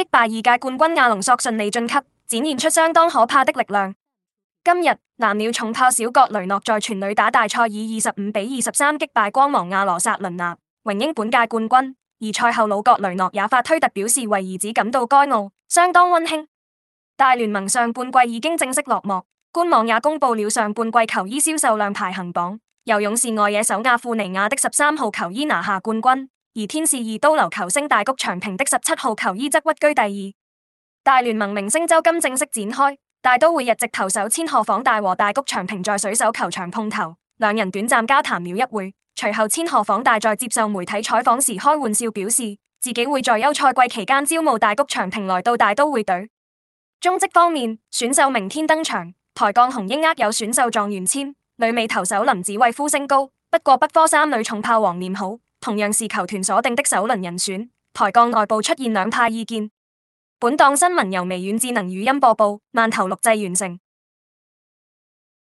擊敗二屆冠軍亞隆索順利晉級，展現出相當可怕的力量。今日藍鳥重炮小角雷諾在全壘打大賽以二十五比二十三擊敗光芒亞羅薩倫納，榮膺本屆冠軍。而賽後老角雷諾也發推特表示為兒子感到驕傲，相當溫馨。大聯盟上半季已經正式落幕，官網也公布了上半季球衣銷售量排行榜，由勇士外野手亞庫尼亞的十三號球衣拿下冠軍。而天使二刀流球星大谷翔平的十七號球衣則屈居第二。大聯盟明星周金正式展開，大都會日籍投手千賀滉大和大谷翔平在水手球場碰頭，兩人短暫交談了一會。隨後千賀滉大在接受媒體採訪時開玩笑表示，自己會在休賽季期間招募大谷翔平來到大都會隊。中職方面，選秀明天登場，台鋼紅鷹握有選秀狀元籤，女美投手林子惠呼聲高，不過北科三女重炮王念好。同樣是球團所定的首輪人選，台鋼內部出現兩派意見。本檔新聞由微軟智能語音播報，慢頭錄製完成。